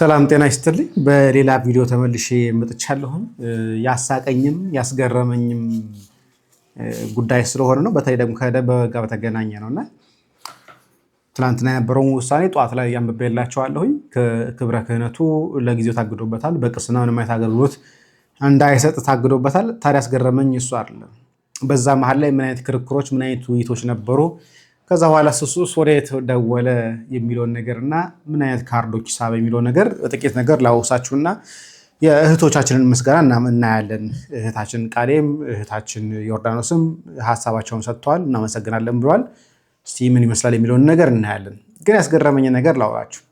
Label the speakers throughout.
Speaker 1: ሰላም ጤና ይስጥልኝ። በሌላ ቪዲዮ ተመልሼ መጥቻለሁም ያሳቀኝም ያስገረመኝም ጉዳይ ስለሆነ ነው። በተለይ ደግሞ ከደበበ ጋር በተገናኘ ነው እና ትላንትና የነበረውን ውሳኔ ጠዋት ላይ ያንብቤላቸዋለሁኝ። ክብረ ክህነቱ ለጊዜው ታግዶበታል። በቅስና ምንም አይነት አገልግሎት እንዳይሰጥ ታግዶበታል። ታዲያ ያስገረመኝ እሱ አይደለም። በዛ መሀል ላይ ምን አይነት ክርክሮች ምን አይነት ውይይቶች ነበሩ ከዛ በኋላ ስሱስ ወደ የት ደወለ የሚለውን ነገር እና ምን አይነት ካርዶች ሳብ የሚለው ነገር ጥቂት ነገር ላወሳችሁና የእህቶቻችንን ምስጋና እናያለን። እህታችን ቃሌም እህታችን ዮርዳኖስም ሀሳባቸውን ሰጥተዋል፣ እናመሰግናለን ብለዋል። እስቲ ምን ይመስላል የሚለውን ነገር እናያለን። ግን ያስገረመኝ ነገር ላውራችሁ።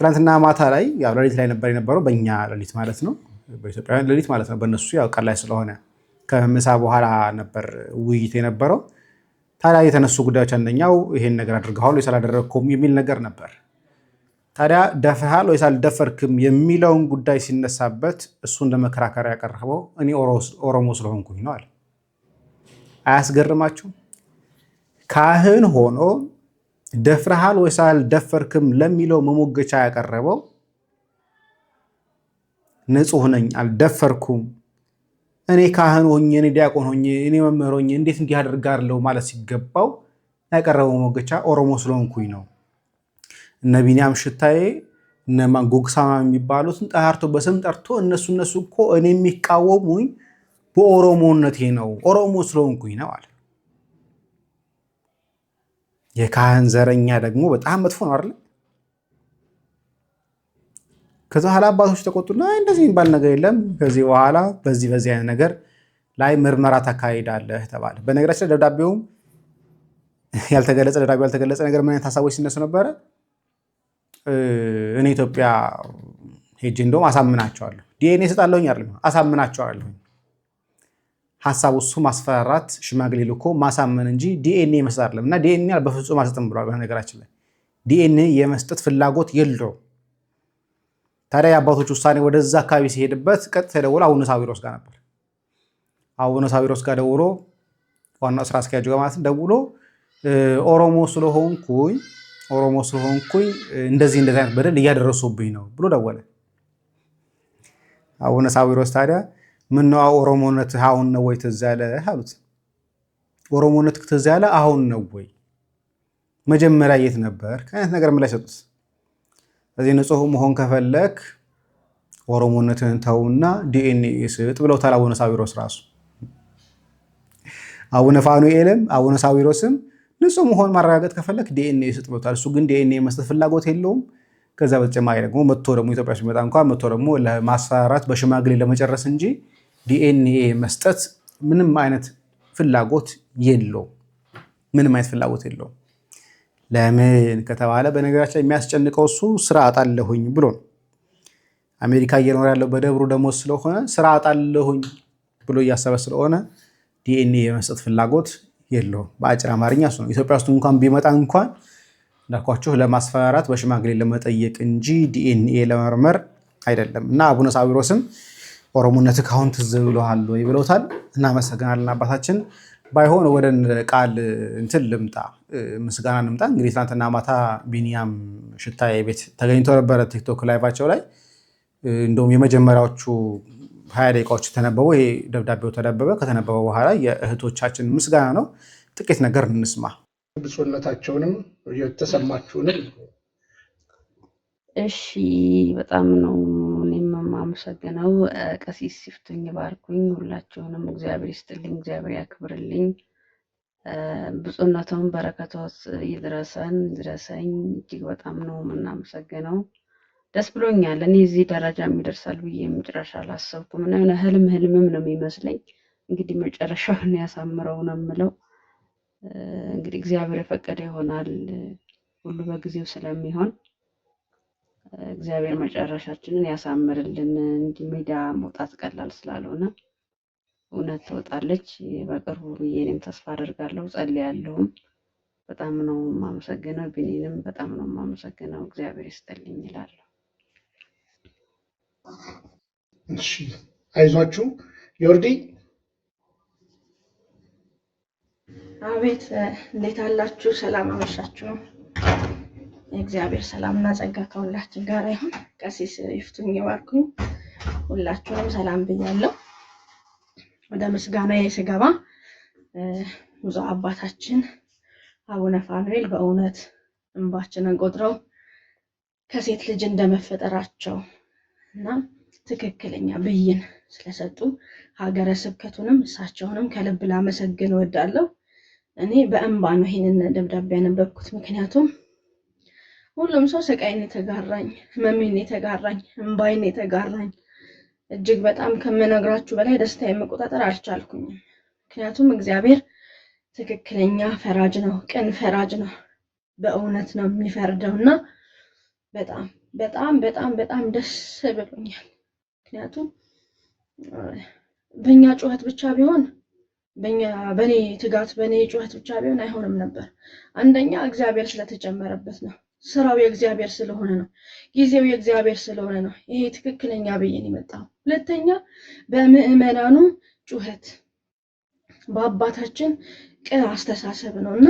Speaker 1: ትናንትና ማታ ላይ ያው ሌሊት ላይ ነበር የነበረው፣ በእኛ ሌሊት ማለት ነው፣ በኢትዮጵያውያን ሌሊት ማለት ነው። በእነሱ ያው ቀን ላይ ስለሆነ ከምሳ በኋላ ነበር ውይይት የነበረው። ታዲያ የተነሱ ጉዳዮች አንደኛው ይሄን ነገር አድርገሃል ወይስ አላደረግከውም የሚል ነገር ነበር። ታዲያ ደፍሃል ወይስ አልደፈርክም የሚለውን ጉዳይ ሲነሳበት እሱ እንደ መከራከሪያ ያቀረበው እኔ ኦሮሞ ስለሆንኩኝ ነው አለ። አያስገርማችሁ? ካህን ሆኖ ደፍረሃል ወይስ አልደፈርክም ለሚለው መሞገቻ ያቀረበው ንጹህ ነኝ አልደፈርኩም እኔ ካህን ሆኜ እኔ ዲያቆን ሆኜ እኔ መምህር ሆኜ እንዴት እንዲህ አደርጋለሁ ማለት ሲገባው ያቀረበው ሞገቻ ኦሮሞ ስለሆንኩኝ ነው። እነ ቢኒያም ሽታዬ እነ ጎግሳማ የሚባሉትን ጠራርቶ በስም ጠርቶ እነሱ እነሱ እኮ እኔ የሚቃወሙኝ በኦሮሞነቴ ነው፣ ኦሮሞ ስለሆንኩኝ ነው አለ። የካህን ዘረኛ ደግሞ በጣም መጥፎ ነው አይደል? ከዛ ኋላ አባቶች ተቆጡና እንደዚህ የሚባል ነገር የለም፣ ከዚህ በኋላ በዚህ በዚህ አይነት ነገር ላይ ምርመራ ታካሂዳለህ ተባለ። በነገራችን ላይ ደብዳቤውም ያልተገለጸ ደብዳቤ ያልተገለጸ ነገር ምን አይነት ሀሳቦች ሲነሱ ነበረ? እኔ ኢትዮጵያ ሄጅ እንደውም አሳምናቸዋለሁ፣ ዲኤንኤ እሰጣለሁኝ አለ አሳምናቸዋለሁኝ። ሀሳቡ እሱ ማስፈራራት ሽማግሌ ልኮ ማሳመን እንጂ ዲኤንኤ መስጠት አይደለም። እና ዲኤንኤ በፍጹም አልሰጥም ብሏል። በነገራችን ላይ ዲኤንኤ የመስጠት ፍላጎት የለውም። ታዲያ የአባቶች ውሳኔ ወደዛ አካባቢ ሲሄድበት ቀጥታ የደውሎ አቡነ ሳዊሮስ ጋር ነበር። አቡነ ሳዊሮስ ጋር ደውሎ ዋና ስራ አስኪያጁ ጋር ማለት ደውሎ ኦሮሞ ስለሆንኩኝ ኦሮሞ ስለሆንኩኝ እንደዚህ እንደዚህ አይነት በደል እያደረሱብኝ ነው ብሎ ደወለ። አቡነ ሳዊሮስ ታዲያ ምነዋ ኦሮሞነት አሁን ነው ወይ ትዝ ያለ አሉት። ኦሮሞነት ትዝ ያለ አሁን ነው ወይ? መጀመሪያ የት ነበር? ከአይነት ነገር ምላሽ ሰጡት። እዚህ ንጹህ መሆን ከፈለክ ኦሮሞነትን ተውና ዲኤንኤ ስጥ ብለውታል አቡነ ሳዊሮስ ራሱ። አቡነ ፋኑኤልም አቡነ ሳዊሮስም ንጹህ መሆን ማረጋገጥ ከፈለክ ዲኤንኤ ስጥ ብለውታል። እሱ ግን ዲኤንኤ መስጠት ፍላጎት የለውም። ከዛ በተጨማሪ ደግሞ መቶ ደግሞ ኢትዮጵያ ሲመጣ እንኳ መቶ ደግሞ ለማሰራራት በሽማግሌ ለመጨረስ እንጂ ዲኤንኤ መስጠት ምንም አይነት ፍላጎት የለውም። ምንም አይነት ፍላጎት የለውም። ለምን ከተባለ በነገራችን የሚያስጨንቀው እሱ ስራ አጣለሁኝ ብሎ ነው። አሜሪካ እየኖረ ያለው በደብሩ ደግሞ ስለሆነ ስራ አጣለሁኝ ብሎ እያሰበ ስለሆነ ዲኤንኤ የመስጠት ፍላጎት የለውም። በአጭር አማርኛ እሱ ነው። ኢትዮጵያ ውስጥ እንኳን ቢመጣ እንኳን እንዳልኳችሁ ለማስፈራራት በሽማግሌ ለመጠየቅ እንጂ ዲኤንኤ ለመርመር አይደለም። እና አቡነ ሳዊሮስም ኦሮሞነት ካሁን ትዝ ብሎሃል ወይ ብለውታል። እናመሰግናለን አባታችን። ባይሆን ወደ ቃል እንትን ልምጣ፣ ምስጋና ልምጣ። እንግዲህ ትናንትና ማታ ቢኒያም ሽታ ቤት ተገኝቶ ነበረ ቲክቶክ ላይቫቸው ላይ እንደውም የመጀመሪያዎቹ ሀያ ደቂቃዎች ተነበበ፣ ይሄ ደብዳቤው ተነበበ። ከተነበበ በኋላ የእህቶቻችን ምስጋና ነው። ጥቂት ነገር እንስማ።
Speaker 2: ብሶነታቸውንም የተሰማችሁንም።
Speaker 3: እሺ፣ በጣም ነው የማመሰግነው ቀሲስ ሲፍቱኝ ባርኩኝ። ሁላችሁንም እግዚአብሔር ይስጥልኝ፣ እግዚአብሔር ያክብርልኝ። ብፁዕነቱን በረከቶት ይድረሰን ይድረሰኝ። እጅግ በጣም ነው የምናመሰግነው። ደስ ብሎኛል። እኔ እዚህ ደረጃ የሚደርሳል ብዬ መጨረሻ አላሰብኩም እና የሆነ ህልም ህልምም ነው የሚመስለኝ። እንግዲህ መጨረሻውን ያሳምረው ነው የምለው። እንግዲህ እግዚአብሔር የፈቀደ ይሆናል ሁሉ በጊዜው ስለሚሆን እግዚአብሔር መጨረሻችንን ያሳምርልን። እንዲ ሜዳ መውጣት ቀላል ስላልሆነ እውነት ትወጣለች በቅርቡ ብዬ እኔም ተስፋ አደርጋለሁ፣ ጸልያለሁም። በጣም ነው የማመሰግነው። ቢኒንም በጣም ነው የማመሰግነው። እግዚአብሔር ይስጠልኝ ይላለሁ።
Speaker 2: እሺ አይዟችሁ። ዮርዲ
Speaker 4: አቤት፣ እንዴት አላችሁ? ሰላም አመሻችሁ? የእግዚአብሔር ሰላም እና ጸጋ ከሁላችን ጋር ይሁን። ቀሲስ ይፍቱኝ ባርኩኝ ሁላችሁንም ሰላም ብያለሁ። ወደ ምስጋና ስገባ ብዙ አባታችን አቡነ ፋኑኤል በእውነት እንባችንን ቆጥረው ከሴት ልጅ እንደመፈጠራቸው እና ትክክለኛ ብይን ስለሰጡ ሀገረ ስብከቱንም እሳቸውንም ከልብ ላመሰግን እወዳለሁ። እኔ በእንባ ነው ይህንን ደብዳቤ ያነበብኩት፣ ምክንያቱም ሁሉም ሰው ስቃይን የተጋራኝ ህመሜን የተጋራኝ እምባይን የተጋራኝ እጅግ በጣም ከምነግራችሁ በላይ ደስታ የመቆጣጠር አልቻልኩኝም። ምክንያቱም እግዚአብሔር ትክክለኛ ፈራጅ ነው፣ ቅን ፈራጅ ነው፣ በእውነት ነው የሚፈርደው እና በጣም በጣም በጣም በጣም ደስ ብሎኛል። ምክንያቱም በእኛ ጩኸት ብቻ ቢሆን በእኛ በእኔ ትጋት በእኔ ጩኸት ብቻ ቢሆን አይሆንም ነበር። አንደኛ እግዚአብሔር ስለተጨመረበት ነው። ስራው የእግዚአብሔር ስለሆነ ነው። ጊዜው የእግዚአብሔር ስለሆነ ነው። ይሄ ትክክለኛ ብይን ይመጣ። ሁለተኛ በምዕመናኑ ጩኸት፣ በአባታችን ቅን አስተሳሰብ ነው እና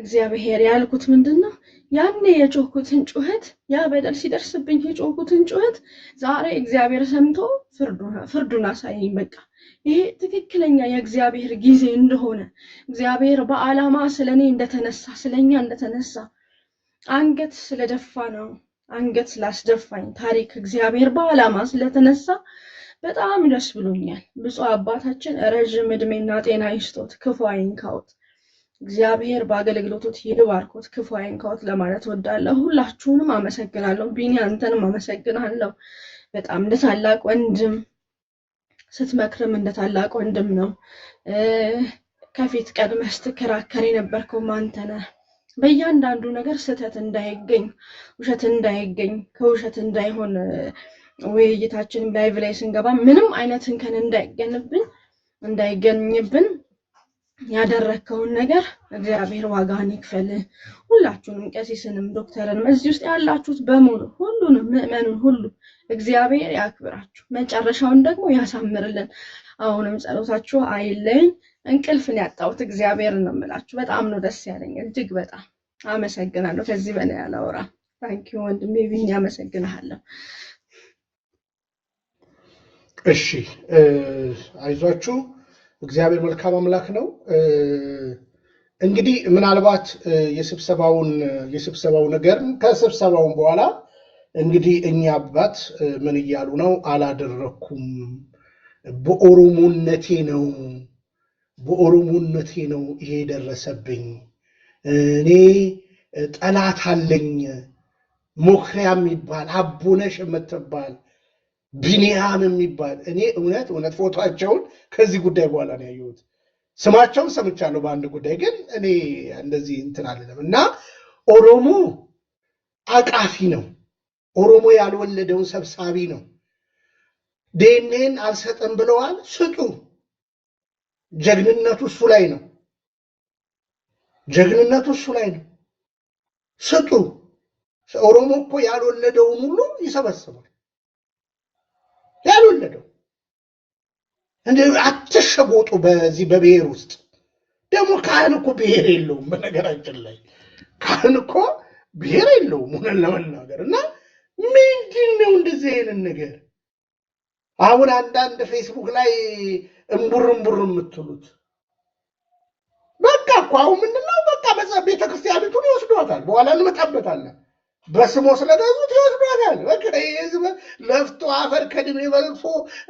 Speaker 4: እግዚአብሔር ያልኩት ምንድን ነው? ያኔ የጮኩትን ጩኸት ያ በደል ሲደርስብኝ የጮኩትን ጩኸት ዛሬ እግዚአብሔር ሰምቶ ፍርዱን አሳየኝ። በቃ ይሄ ትክክለኛ የእግዚአብሔር ጊዜ እንደሆነ እግዚአብሔር በዓላማ ስለኔ እንደተነሳ ስለኛ እንደተነሳ አንገት ስለደፋ ነው አንገት ስላስደፋኝ ታሪክ እግዚአብሔር በዓላማ ስለተነሳ በጣም ደስ ብሎኛል። ብፁዕ አባታችን ረዥም እድሜና ጤና ይስጦት፣ ክፉ አይንካውት። እግዚአብሔር በአገልግሎቶት ይባርኮት፣ ክፉ አይንካውት ለማለት ወዳለሁ። ሁላችሁንም አመሰግናለሁ። ቢኒ አንተንም አመሰግናለሁ። በጣም እንደ ታላቅ ወንድም ስትመክርም እንደ ታላቅ ወንድም ነው። ከፊት ቀድመህ ስትከራከር የነበርከውም አንተ ነህ። በእያንዳንዱ ነገር ስህተት እንዳይገኝ ውሸት እንዳይገኝ ከውሸት እንዳይሆን ውይይታችን ላይቭ ላይ ስንገባ ምንም አይነት እንከን እንዳይገንብን እንዳይገኝብን ያደረግከውን ነገር እግዚአብሔር ዋጋን ይክፈል። ሁላችሁንም ቀሲስንም ዶክተርንም እዚህ ውስጥ ያላችሁት በሙሉ ሁሉንም ምዕመኑን ሁሉ እግዚአብሔር ያክብራችሁ፣ መጨረሻውን ደግሞ ያሳምርልን። አሁንም ጸሎታችሁ አይለይን። እንቅልፍን ያጣሁት እግዚአብሔር ነው የምላችሁ። በጣም ነው ደስ ያለኝ፣ እጅግ በጣም አመሰግናለሁ። ከዚህ በላይ አላወራ። ታንኪ ወንድሜ ቢኝ አመሰግናለሁ።
Speaker 2: እሺ አይዟችሁ፣ እግዚአብሔር መልካም አምላክ ነው። እንግዲህ ምናልባት የስብሰባውን የስብሰባው ነገር ከስብሰባውን በኋላ እንግዲህ እኛ አባት ምን እያሉ ነው? አላደረኩም፣ በኦሮሞነቴ ነው በኦሮሞነቴ ነው ይሄ የደረሰብኝ። እኔ ጠላት አለኝ። ሞክሪያ የሚባል አቦነሽ የምትባል ቢኒያም የሚባል እኔ እውነት እውነት ፎቶቸውን ከዚህ ጉዳይ በኋላ ነው ያየሁት። ስማቸውን ሰምቻለሁ በአንድ ጉዳይ ግን እኔ እንደዚህ እንትን አለም እና ኦሮሞ አቃፊ ነው። ኦሮሞ ያልወለደውን ሰብሳቢ ነው። ዴኔን አልሰጥም ብለዋል፣ ስጡ ጀግንነቱ እሱ ላይ ነው። ጀግንነቱ እሱ ላይ ነው። ስጡ። ኦሮሞ እኮ ያልወለደውን ሁሉ ይሰበስባል። ያልወለደው እንደ አትሸጎጡ። በዚህ በብሔር ውስጥ ደግሞ ካህን እኮ ብሔር የለውም። በነገራችን ላይ ካህን እኮ ብሔር የለውም ሆነን ለመናገር እና ምንድን ነው እንደዚህ አይነት ነገር አሁን አንዳንድ ፌስቡክ ላይ እምቡር እምቡር የምትሉት በቃ እኮ አሁን ምንድነው በቃ ቤተክርስቲያኒቱን ይወስዷታል። በኋላ እንመጣበታለን። በስሞ ስለገዙት ይወስዷታል። በቃ ህዝብ ለፍቶ አፈር ከድሜ በልቶ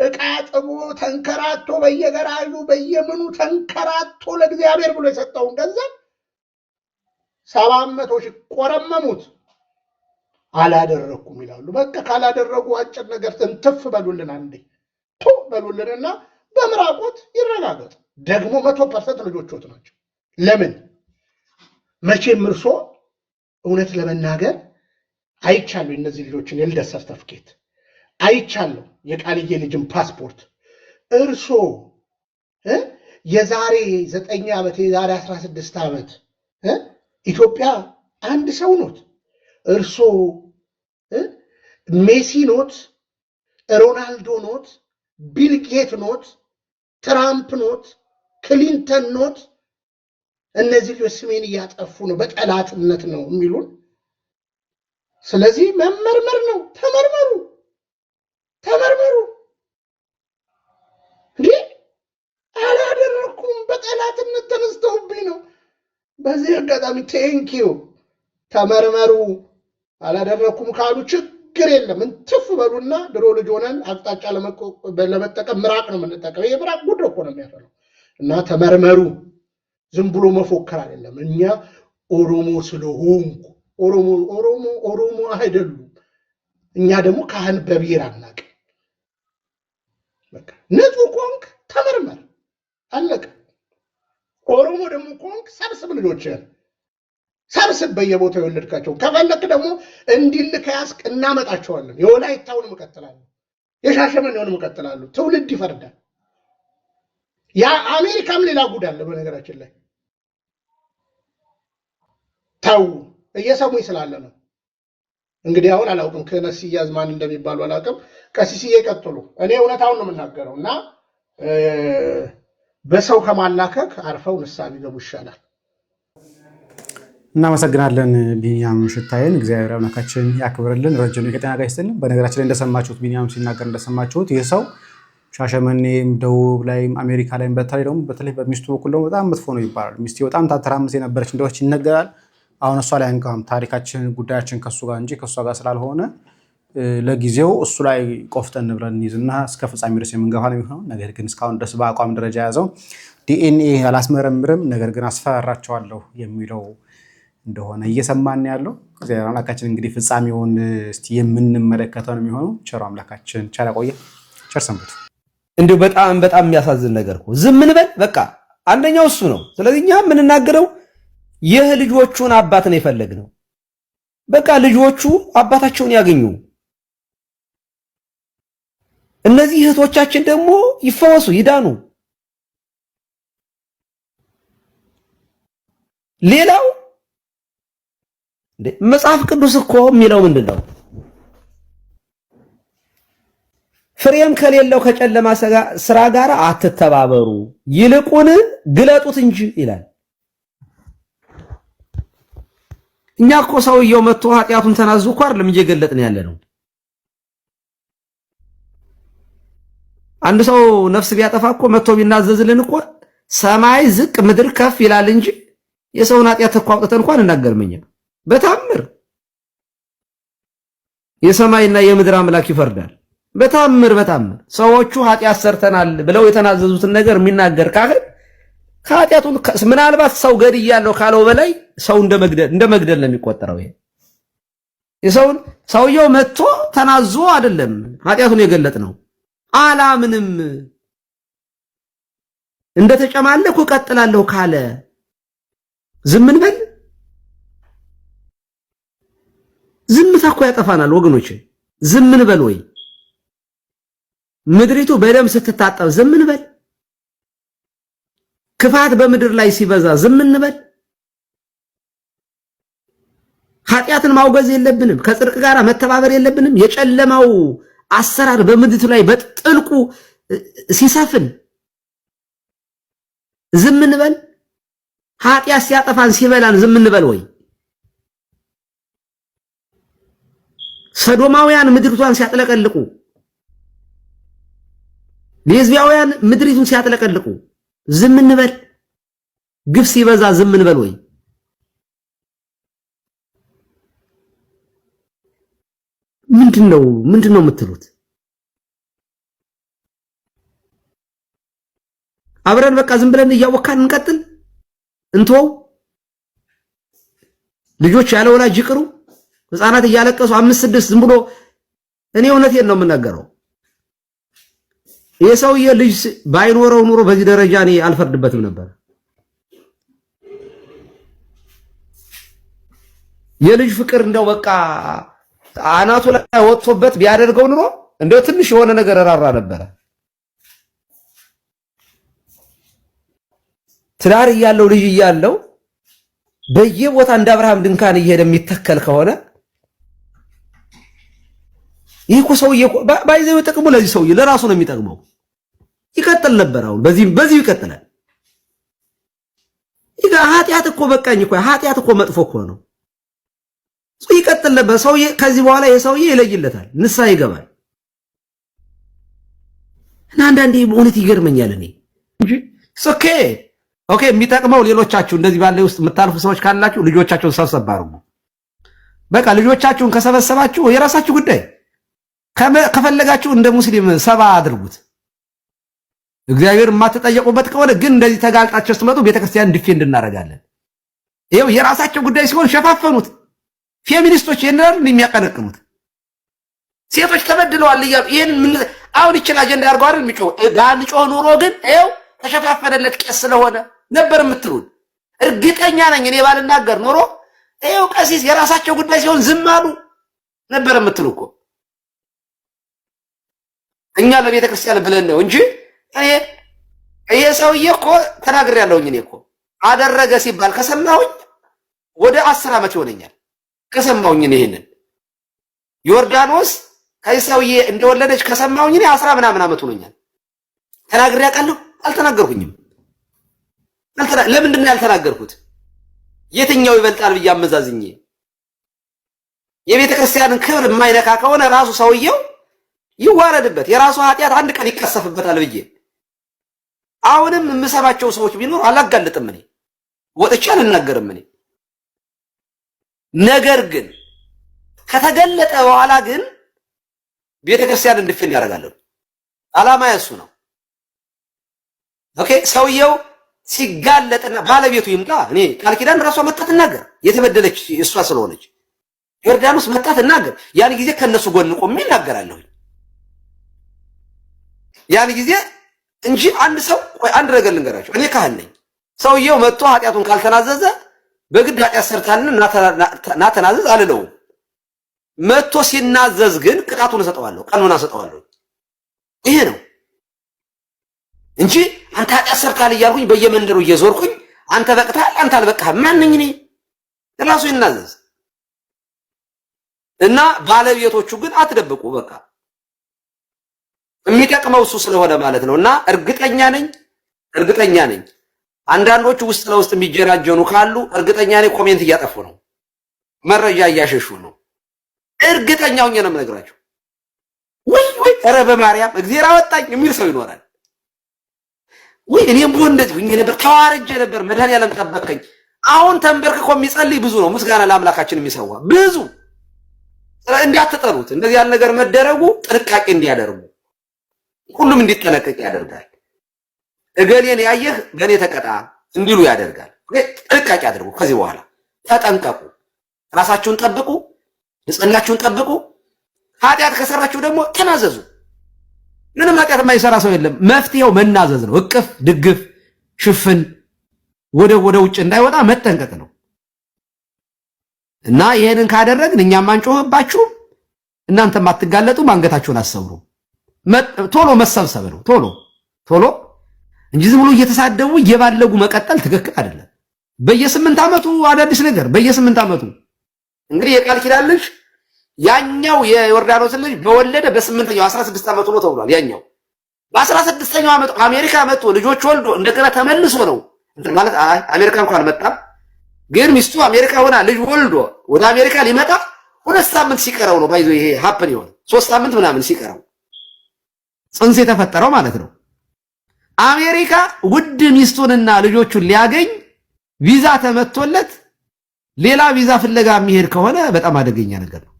Speaker 2: እቃ ጥቦ ተንከራቶ በየገራዩ በየምኑ ተንከራቶ ለእግዚአብሔር ብሎ የሰጠውን ገንዘብ ሰባት መቶ ሺህ ቆረመሙት። አላደረግኩም ይላሉ። በቃ ካላደረጉ አጭር ነገር ትንትፍ በሉልን፣ አንዴ ቱ በሉልንና በምራቆት ይረጋገጥ። ደግሞ መቶ ፐርሰንት ልጆችዎት ናቸው። ለምን መቼም እርሶ እውነት ለመናገር አይቻሉ እነዚህ ልጆችን የልደት ሰርተፍኬት አይቻለሁ የቃልዬ ልጅን ፓስፖርት እርሶ የዛሬ ዘጠኝ ዓመት የዛሬ አስራ ስድስት ዓመት ኢትዮጵያ አንድ ሰው ኖት። እርሶ ሜሲ ኖት፣ ሮናልዶ ኖት፣ ቢልጌት ኖት ትራምፕ ኖት፣ ክሊንተን ኖት፣ እነዚህ ልጆች ስሜን እያጠፉ ነው፣ በጠላትነት ነው የሚሉን። ስለዚህ መመርመር ነው። ተመርመሩ፣ ተመርመሩ። እንዲህ አላደረኩም፣ በጠላትነት ተነስተውብኝ ነው። በዚህ አጋጣሚ ቴንኪዩ፣ ተመርመሩ። አላደረኩም ካሉ ችግር የለም እንትፍ በሉና ድሮ ልጅ ሆነን አቅጣጫ ለመጠቀም ምራቅ ነው የምንጠቀም። ይሄ ምራቅ ጉድ እኮ ነው የሚያፈለው። እና ተመርመሩ፣ ዝም ብሎ መፎከር አይደለም። እኛ ኦሮሞ ስለሆንኩ ኦሮሞ ኦሮሞ ኦሮሞ አይደሉም። እኛ ደግሞ ካህን በብሔር አናቅ። ንጹህ ኮንክ ተመርመር፣ አለቀ። ኦሮሞ ደግሞ ኮንክ ሰብስብ ልጆችህን ሰብስብ በየቦታው የወለድካቸው ከፈለክ ደግሞ እንዲልክ ያስቅ እናመጣቸዋለን። የወላይታውንም እቀጥላለሁ፣ የሻሸመኔውንም እቀጥላለሁ። ትውልድ ይፈርዳል። ያ አሜሪካም ሌላ ጉዳለ። አለ። በነገራችን ላይ ተው እየሰሙኝ ስላለ ነው። እንግዲህ አሁን አላውቅም፣ ክህነት ሲያዝ ማን እንደሚባሉ አላውቅም። ቀሲስዬ ቀጥሉ። እኔ እውነታውን ነው የምናገረው እና በሰው ከማላከክ አርፈው ንስሓ ቢገቡ ይሻላል።
Speaker 1: እናመሰግናለን ቢኒያም ሽታዬን፣ እግዚአብሔር አምላካችን ያክብርልን፣ ረጅም የጤና ጋር ይስጥልን። በነገራችን ላይ እንደሰማችሁት ቢኒያም ሲናገር እንደሰማችሁት ይህ ሰው ሻሸመኔም፣ ደቡብ ላይም፣ አሜሪካ ላይም በተለይ ደግሞ በተለይ በሚስቱ በኩል ደግሞ በጣም መጥፎ ነው ይባላል። ሚስቱ በጣም ታተራምስ የነበረች እንደች ይነገራል። አሁን እሷ ላይ አንቀም ታሪካችን ጉዳያችን ከሱ ጋር እንጂ ከእሷ ጋር ስላልሆነ ለጊዜው እሱ ላይ ቆፍጠን ብለን እንይዝና እስከ ፍጻሜ ድረስ የምንገፋ ነው የሚሆነው። ነገር ግን እስካሁን ድረስ በአቋም ደረጃ የያዘው ዲኤንኤ አላስመረምርም ነገር ግን አስፈራራቸዋለሁ የሚለው እንደሆነ እየሰማን ያለው እግዚአብሔር አምላካችን እንግዲህ ፍጻሜውን እስቲ የምንመለከተው ነው የሚሆነው። ቸሩ አምላካችን ቸር ያቆየ፣ ቸር ሰንብቱ። እንዲሁ በጣም በጣም የሚያሳዝን ነገር እኮ ዝም ምንበል በቃ አንደኛው እሱ ነው። ስለዚህ እኛ የምንናገረው ይህ ልጆቹን አባት ነው የፈለግነው። በቃ ልጆቹ አባታቸውን ያገኙ፣ እነዚህ እህቶቻችን ደግሞ ይፈወሱ፣ ይዳኑ። ሌላው መጽሐፍ ቅዱስ እኮ የሚለው ምንድን ነው? ፍሬም ከሌለው ከጨለማ ስራ ጋር አትተባበሩ፣ ይልቁን ግለጡት እንጂ ይላል። እኛ እኮ ሰውየው መጥቶ ኃጢአቱን ተናዙ እኮ አይደለም እንጂ ያለ ነው። አንድ ሰው ነፍስ ቢያጠፋ እኮ መጥቶ ቢናዘዝልን እኮ ሰማይ ዝቅ ምድር ከፍ ይላል እንጂ የሰውን ኃጢአት እኮ አውጥተን እንኳን እናገርመኝም በታምር የሰማይና የምድር አምላክ ይፈርዳል። በታምር በታምር ሰዎቹ ኃጢአት ሰርተናል ብለው የተናዘዙትን ነገር የሚናገር ካህን ከኃጢአቱ ምናልባት ሰው ገድያለሁ ካለው በላይ ሰው እንደ መግደል ነው የሚቆጠረው። ይሄ የሰውን ሰውየው መጥቶ ተናዞ አይደለም ኃጢአቱን የገለጥ ነው። አላምንም ተጨማለኩ እቀጥላለሁ ካለ ዝምን ዝምታ እኮ ያጠፋናል ወገኖች። ዝም እንበል ወይ? ምድሪቱ በደም ስትታጠብ ዝም እንበል? ክፋት በምድር ላይ ሲበዛ ዝም እንበል? ኃጢአትን ማውገዝ የለብንም። ከጽድቅ ጋር መተባበር የለብንም። የጨለማው አሰራር በምድሪቱ ላይ በጥልቁ ሲሰፍን ዝም እንበል? ኃጢአት ሲያጠፋን ሲበላን ዝም እንበል ወይ? ሰዶማውያን ምድሪቷን ሲያጥለቀልቁ ሌዝቢያውያን ምድሪቱን ሲያጥለቀልቁ ዝም እንበል? ግፍ ሲበዛ ዝም እንበል ወይ? ምንድን ነው ምንድን ነው የምትሉት? አብረን በቃ ዝም ብለን እያወካን እንቀጥል? እንትወው ልጆች ያለ ወላጅ ይቅሩ? ህፃናት እያለቀሱ አምስት ስድስት ዝም ብሎ እኔ እውነቴን ነው የምናገረው። የሰውዬ ልጅ ባይኖረው ኑሮ በዚህ ደረጃ እኔ አልፈርድበትም ነበር። የልጅ ፍቅር እንደው በቃ አናቱ ላይ ወጥቶበት ቢያደርገው ኑሮ እንደው ትንሽ የሆነ ነገር እራራ ነበረ። ትዳር እያለው ልጅ እያለው በየቦታ እንደ አብርሃም ድንካን እየሄደ የሚተከል ከሆነ ይህ እኮ ሰውዬ ባይዘው ጥቅሙ ለዚህ ሰውዬ ለራሱ ነው የሚጠቅመው። ይቀጥል ነበር። አሁን በዚህ በዚህ ይቀጥላል። ይጋ ኃጢአት እኮ በቃኝ እኮ ኃጢአት እኮ መጥፎ እኮ ነው። ይቀጥል ነበር ሰውዬ። ከዚህ በኋላ የሰውዬ ይለይለታል፣ ንሳ ይገባል። እና አንዳንዴ በእውነት ይገርመኛል እኔ እንጂ ኦኬ ኦኬ። የሚጠቅመው ሌሎቻችሁ እንደዚህ ባለ ውስጥ የምታልፉ ሰዎች ካላችሁ ልጆቻችሁን ሰብሰብ አድርጉ። በቃ ልጆቻችሁን ከሰበሰባችሁ የራሳችሁ ጉዳይ ከፈለጋችሁ እንደ ሙስሊም ሰባ አድርጉት። እግዚአብሔር የማትጠየቁበት ከሆነ ግን እንደዚህ ተጋልጣቸው ስትመጡ ቤተክርስቲያን ዲፌንድ እናደርጋለን። ይኸው የራሳቸው ጉዳይ ሲሆን ሸፋፈኑት። ፌሚኒስቶች ይሄንን የሚያቀነቅኑት ሴቶች ተበድለዋል እያሉ ይሄን አሁን ይችን አጀንዳ አድርገው አይደል ጋንጮ ኑሮ ግን ይኸው ተሸፋፈነለት ቄስ ስለሆነ ነበር የምትሉን። እርግጠኛ ነኝ እኔ ባልናገር ኑሮ ይኸው ቀሲስ የራሳቸው ጉዳይ ሲሆን ዝም አሉ ነበር የምትሉ እኮ እኛ ለቤተ ክርስቲያን ብለን ነው እንጂ እኔ ይሄ ሰውዬ እኮ ያለውኝ እኔ እኮ አደረገ ሲባል ከሰማሁኝ ወደ አስር ዓመት ይሆነኛል ከሰማሁኝ። ይሄንን ዮርዳኖስ ከዚህ ሰውዬ እንደወለደች ከሰማሁኝ እኔ አስራ ምናምን ዓመት ሆኖኛል። ተናግሬ አውቃለሁ? አልተናገርኩኝም። ለምንድን ነው ያልተናገርኩት? የትኛው ይበልጣል ብዬ አመዛዝኜ የቤተ ክርስቲያንን ክብር የማይነካ ከሆነ ራሱ ሰውየው ይዋረድበት፣ የራሱ ኃጢአት አንድ ቀን ይቀሰፍበታል ብዬ አሁንም የምሰማቸው ሰዎች ቢኖር አላጋልጥም፣ እኔ ወጥቼ አልናገርም። እኔ ነገር ግን ከተገለጠ በኋላ ግን ቤተክርስቲያን እንድፍን ያደርጋለሁ። አላማ የሱ ነው። ኦኬ ሰውየው ሲጋለጥና ባለቤቱ ይምጣ። እኔ ቃል ኪዳን ራሷ መጣ የተበደለች እሷ ስለሆነች ዮርዳኖስ መጣት እናገር። ያን ጊዜ ከነሱ ጎን ቆሜ ያን ጊዜ እንጂ አንድ ሰው ቆይ አንድ ነገር ልንገራቸው። እኔ ካህን ነኝ። ሰውየው መጥቶ ኃጢአቱን ካልተናዘዘ በግድ ኃጢአት ሰርታልን ናተናዘዝ አልለውም። መጥቶ ሲናዘዝ ግን ቅጣቱን እሰጠዋለሁ፣ ቀኑን እሰጠዋለሁ። ይሄ ነው እንጂ አንተ ኃጢአት ሰርታል እያልኩኝ በየመንደሩ እየዞርኩኝ አንተ በቅታል አንተ አልበቃህም ማንኝ እኔ ራሱ ይናዘዝ እና ባለቤቶቹ ግን አትደብቁ በቃ የሚጠቅመው እሱ ስለሆነ ማለት ነው። እና እርግጠኛ ነኝ እርግጠኛ ነኝ አንዳንዶቹ ውስጥ ለውስጥ የሚጀናጀኑ ካሉ እርግጠኛ ነኝ ኮሜንት እያጠፉ ነው፣ መረጃ እያሸሹ ነው። እርግጠኛ ነው የምነግራቸው። ወይ ወይ ኧረ በማርያም እግዜር አወጣኝ የሚል ሰው ይኖራል። ወይ እኔም ብሆን እንደዚህ ሁኜ ነበር፣ ተዋረጀ ነበር፣ መድኃኔዓለም ጠበቀኝ። አሁን ተንበርክኮ የሚጸልይ ብዙ ነው፣ ምስጋና ለአምላካችን የሚሰዋ ብዙ። እንዳትጠሉት እንደዚህ ያለ ነገር መደረጉ ጥንቃቄ እንዲያደርጉ ሁሉም እንዲጠነቀቅ ያደርጋል። እገሌን ያየህ ገሌ ተቀጣ እንዲሉ ያደርጋል። ጥንቃቄ አድርጉ። ከዚህ በኋላ ተጠንቀቁ፣ ራሳችሁን ጠብቁ፣ ንጽህናችሁን ጠብቁ። ኃጢአት ከሰራችሁ ደግሞ ተናዘዙ። ምንም ኃጢአት የማይሰራ ሰው የለም። መፍትሄው መናዘዝ ነው። እቅፍ ድግፍ ሽፍን ወደ ወደ ውጭ እንዳይወጣ መጠንቀቅ ነው እና ይህንን ካደረግን እኛም አንጮህባችሁም፣ እናንተም አትጋለጡም፣ አንገታችሁን አሰብሩ። ቶሎ መሰብሰብ ነው። ቶሎ ቶሎ እንጂ ዝም ብሎ እየተሳደቡ እየባለጉ መቀጠል ትክክል አይደለም። በየስምንት ዓመቱ አዳዲስ ነገር በየስምንት ዓመቱ እንግዲህ የቃል ኪዳን ልጅ ያኛው የዮርዳኖስን ልጅ በወለደ በስምንተኛው አስራ ስድስት ዓመቱ ነው ተብሏል። ያኛው በአስራ ስድስተኛው ዓመቱ አሜሪካ መጥቶ ልጆች ወልዶ እንደገና ተመልሶ ነው ማለት አሜሪካ እንኳ አልመጣም፣ ግን ሚስቱ አሜሪካ ሆና ልጅ ወልዶ ወደ አሜሪካ ሊመጣ ሁለት ሳምንት ሲቀረው ነው ባይዞ ይሄ ሀፕን የሆነ ሶስት ሳምንት ምናምን ሲቀረው ጽንስ የተፈጠረው ማለት ነው። አሜሪካ ውድ ሚስቱንና ልጆቹን ሊያገኝ ቪዛ ተመቶለት ሌላ ቪዛ ፍለጋ የሚሄድ ከሆነ በጣም አደገኛ ነገር ነው።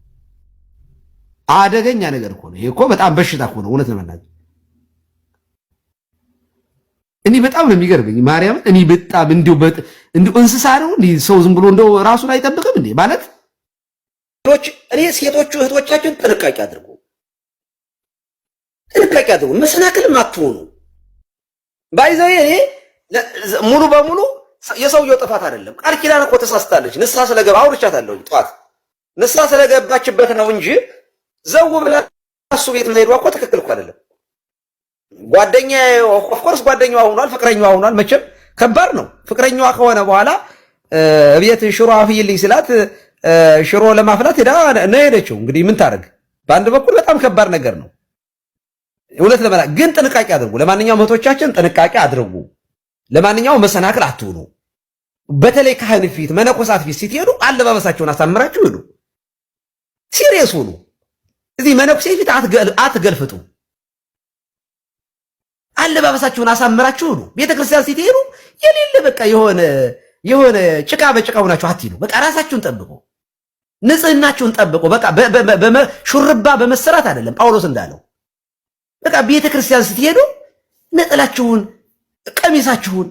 Speaker 1: አደገኛ ነገር እኮ ነው። ይሄ እኮ በጣም በሽታ እኮ ነው። እውነት ለመናገር እኔ በጣም ነው የሚገርመኝ ማርያም። እኔ በጣም እንዲሁ እንዲሁ እንስሳ ነው እንዲህ ሰው ዝም ብሎ እንደው ራሱን አይጠብቅም እንዴ ማለት እኔ ሴቶቹ እህቶቻችን ጥንቃቄ አድርጉ። ጥንቃቄ አድርጉ። መሰናክልም አትሆኑ። ባይዘው እኔ ሙሉ በሙሉ የሰውየው ጥፋት አይደለም። ቃል ኪዳን እኮ ተሳስታለች። ንስሐ ስለገባ አውርቻታለሁ። ጠዋት ንስሐ ስለገባችበት ነው እንጂ ዘው ብላ እሱ ቤት መሄዷ እኮ ትክክል እኮ አይደለም። ጓደኛ ኦፍኮርስ ጓደኛዋ ሆኗል፣ ፍቅረኛዋ ሆኗል። መቼም ከባድ ነው። ፍቅረኛዋ ከሆነ በኋላ ቤት ሽሮ አፍይልኝ ስላት ሽሮ ለማፍላት ሄዳ ነው የሄደችው። እንግዲህ ምን ታደርግ? በአንድ በኩል በጣም ከባድ ነገር ነው። እውነት ለመና ግን ጥንቃቄ አድርጉ። ለማንኛውም እህቶቻችን ጥንቃቄ አድርጉ። ለማንኛውም መሰናክል አትሁኑ። በተለይ ካህን ፊት፣ መነኮሳት ፊት ስትሄዱ አለባበሳቸውን አሳምራችሁ ሂዱ። ሲሪየስ ሁኑ። እዚህ መነኩሴ ፊት አትገልፍጡ። አለባበሳችሁን አሳምራችሁ ሂዱ። ቤተክርስቲያን ስትሄዱ የሌለ በቃ የሆነ የሆነ ጭቃ በጭቃ ሆናችሁ አትሂዱ። በቃ ራሳችሁን ጠብቁ፣ ንጽህናችሁን ጠብቁ። በቃ ሹርባ በመሰራት አይደለም ጳውሎስ እንዳለው በቃ ቤተ ክርስቲያን ስትሄዱ ነጠላችሁን፣ ቀሚሳችሁን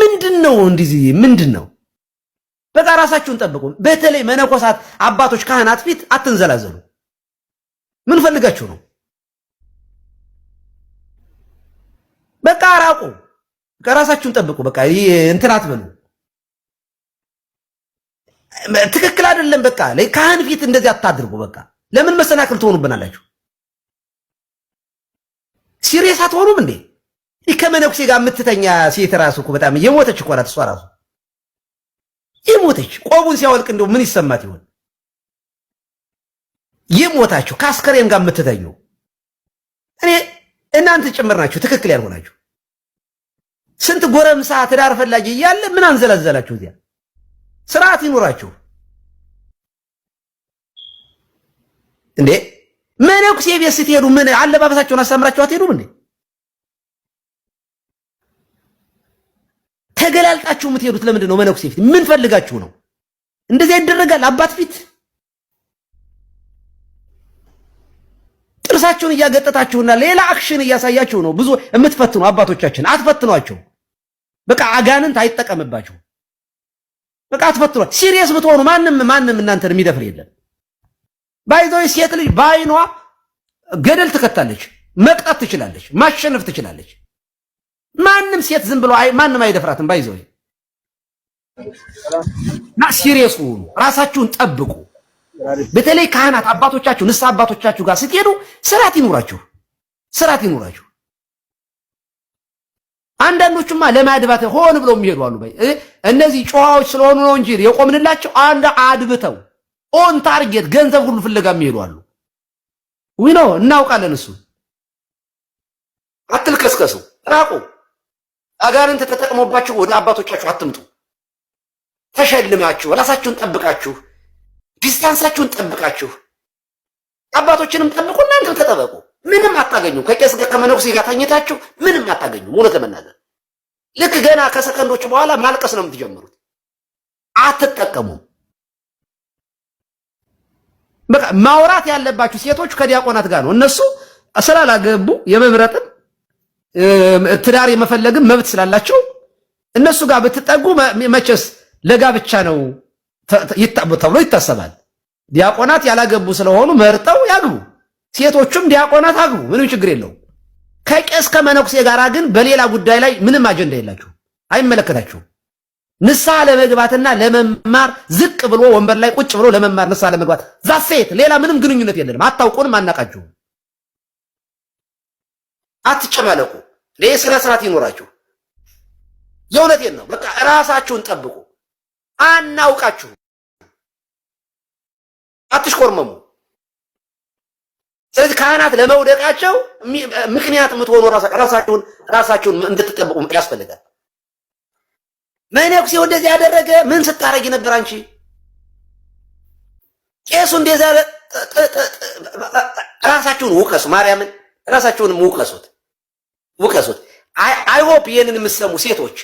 Speaker 1: ምንድን ነው እንዲህ ምንድን ነው? በቃ ራሳችሁን ጠብቁ። በተለይ መነኮሳት፣ አባቶች፣ ካህናት ፊት አትንዘላዘሉ። ምን ፈልጋችሁ ነው? በቃ ራቁ። በቃ ራሳችሁን ጠብቁ። በቃ እንትን አትበሉ። ትክክል አይደለም። በቃ ካህን ፊት እንደዚህ አታድርጉ። በቃ ለምን መሰናክል ትሆኑብናላችሁ? ሲሪየስ አትሆኑም እንዴ? ከመነኩሴ ጋር የምትተኛ ሴት ራሱ እኮ በጣም የሞተች እኮ ናት። እሷ ራሱ የሞተች ቆቡን ሲያወልቅ እንደው ምን ይሰማት ይሆን? የሞታችሁ ከአስከሬን ጋር የምትተኙ እኔ እናንተ ጭምር ናችሁ ትክክል ያልሆናችሁ። ስንት ጎረምሳ ትዳር ፈላጊ እያለ ምን አንዘላዘላችሁ? እዚያ ስርዓት ይኖራችሁ እንዴ? መነኩሴ ቤት ስትሄዱ ምን አለባበሳቸውን አስተምራቸው አትሄዱም እንዴ? ተገላልጣችሁ የምትሄዱት ለምንድን ነው? መነኩሴ ፊት ምን ፈልጋችሁ ነው? እንደዚህ ይደረጋል። አባት ፊት ጥርሳችሁን እያገጠታችሁና ሌላ አክሽን እያሳያችሁ ነው ብዙ የምትፈትኑ አባቶቻችን። አትፈትኗቸው። በቃ አጋንንት አይጠቀምባችሁ። በቃ አትፈትኗቸው። ሲሪየስ ብትሆኑ ማንም ማንም እናንተን የሚደፍር የለም። ባይዞ ሴት ልጅ በአይኗ ገደል ትከታለች፣ መቅጣት ትችላለች፣ ማሸነፍ ትችላለች። ማንም ሴት ዝም ብሎ ማንም አይደፍራትም። ባይዞ ና ሲሪየስ ሁኑ፣ ራሳችሁን ጠብቁ። በተለይ ካህናት አባቶቻችሁ፣ ንስሓ አባቶቻችሁ ጋር ስትሄዱ ስርዓት ይኑራችሁ፣ ስርዓት ይኑራችሁ። አንዳንዶቹማ ለማድባት ሆን ብለው የሚሄዱ አሉ። እነዚህ ጨዋዎች ስለሆኑ ነው እንጂ የቆምንላቸው አንድ አድብተው ኦን ታርጌት ገንዘብ ሁሉ ፍለጋ የሚሄዱ አሉ። ዊ ነው እናውቃለን። እሱ አትልከስከሱ፣ ራቁ። አጋንንት ተጠቅሞባችሁ ወደ አባቶቻችሁ አትምጡ። ተሸልማችሁ ራሳችሁን ጠብቃችሁ ዲስታንሳችሁን ጠብቃችሁ አባቶችንም ጠብቁ፣ እናንተም ተጠበቁ። ምንም አታገኙም። ከቄስ ጋር ከመነኩሴ ጋር ተኝታችሁ ምንም አታገኙም። እውነት ለመናገር ልክ ገና ከሰከንዶች በኋላ ማልቀስ ነው የምትጀምሩት። አትጠቀሙም። በቃ ማውራት ያለባችሁ ሴቶች ከዲያቆናት ጋር ነው። እነሱ ስላላገቡ የመምረጥም ትዳር የመፈለግም መብት ስላላቸው እነሱ ጋር ብትጠጉ መቼስ ለጋብቻ ነው ተብሎ ይታሰባል። ዲያቆናት ያላገቡ ስለሆኑ መርጠው ያግቡ። ሴቶቹም ዲያቆናት አግቡ፣ ምንም ችግር የለው። ከቄስ ከመነኩሴ ጋር ግን በሌላ ጉዳይ ላይ ምንም አጀንዳ የላችሁ፣ አይመለከታችሁም። ንስሐ ለመግባትና ለመማር ዝቅ ብሎ ወንበር ላይ ቁጭ ብሎ ለመማር ንስሐ ለመግባት ዛሴት ሌላ ምንም ግንኙነት የለንም። አታውቁንም፣ አናቃችሁም። አትጨመለቁ። ስነ ስርዓት ይኖራችሁ። የእውነቴን ነው። በቃ ራሳችሁን ጠብቁ። አናውቃችሁ፣ አትሽቆርመሙ ስለዚህ ካህናት ለመውደቃቸው ምክንያት የምትሆኑ ራሳችሁን ራሳችሁን እንድትጠብቁ ያስፈልጋል። መነኩሴው እንደዚህ ያደረገ ምን ስታረጊ ነበር አንቺ? ቄሱ እንደዛ ራሳችሁን ውቀሱ። ማርያምን ራሳችሁንም ውቀሱት፣ ውቀሱት። አይ ሆፕ ይሄንን የምትሰሙ ሴቶች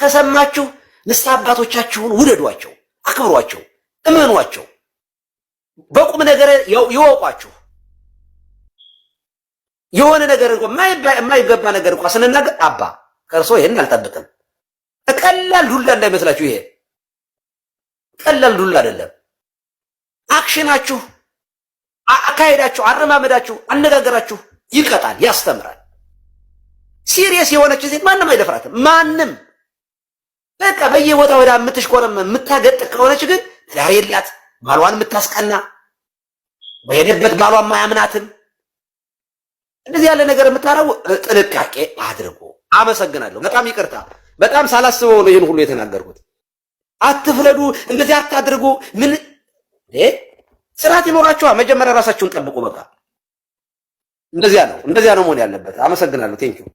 Speaker 1: ከሰማችሁ ንስሐ አባቶቻችሁን ውደዷቸው፣ አክብሯቸው፣ እመኗቸው፣ በቁም ነገር ይወቋችሁ። የሆነ ነገር እንኳ የማይገባ ነገር እንኳ ስንናገር አባ ከእርሶ ይሄን አልጠብቅም ቀላል ዱላ እንዳይመስላችሁ፣ ይሄ ቀላል ዱላ አይደለም። አክሽናችሁ፣ አካሄዳችሁ፣ አረማመዳችሁ፣ አነጋገራችሁ ይቀጣል፣ ያስተምራል። ሲሪየስ የሆነች ሴት ማንም አይደፍራትም። ማንም በቃ በየቦታ ወዳ የምትሽኮረም የምታገጥ ከሆነች ግን ትዳር የላት ባሏን የምታስቀና በሄደበት ባሏን ማያምናትም እንደዚህ ያለ ነገር የምታረው ጥንቃቄ አድርጎ። አመሰግናለሁ። በጣም ይቅርታ። በጣም ሳላስበው ነው ይህን ሁሉ የተናገርኩት። አትፍለዱ፣ እንደዚህ አታድርጉ። ምን ስርዓት ይኖራችኋ። መጀመሪያ ራሳችሁን ጠብቁ። በቃ እንደዚያ ነው እንደዚያ ነው መሆን ያለበት። አመሰግናለሁ። ቴንኪው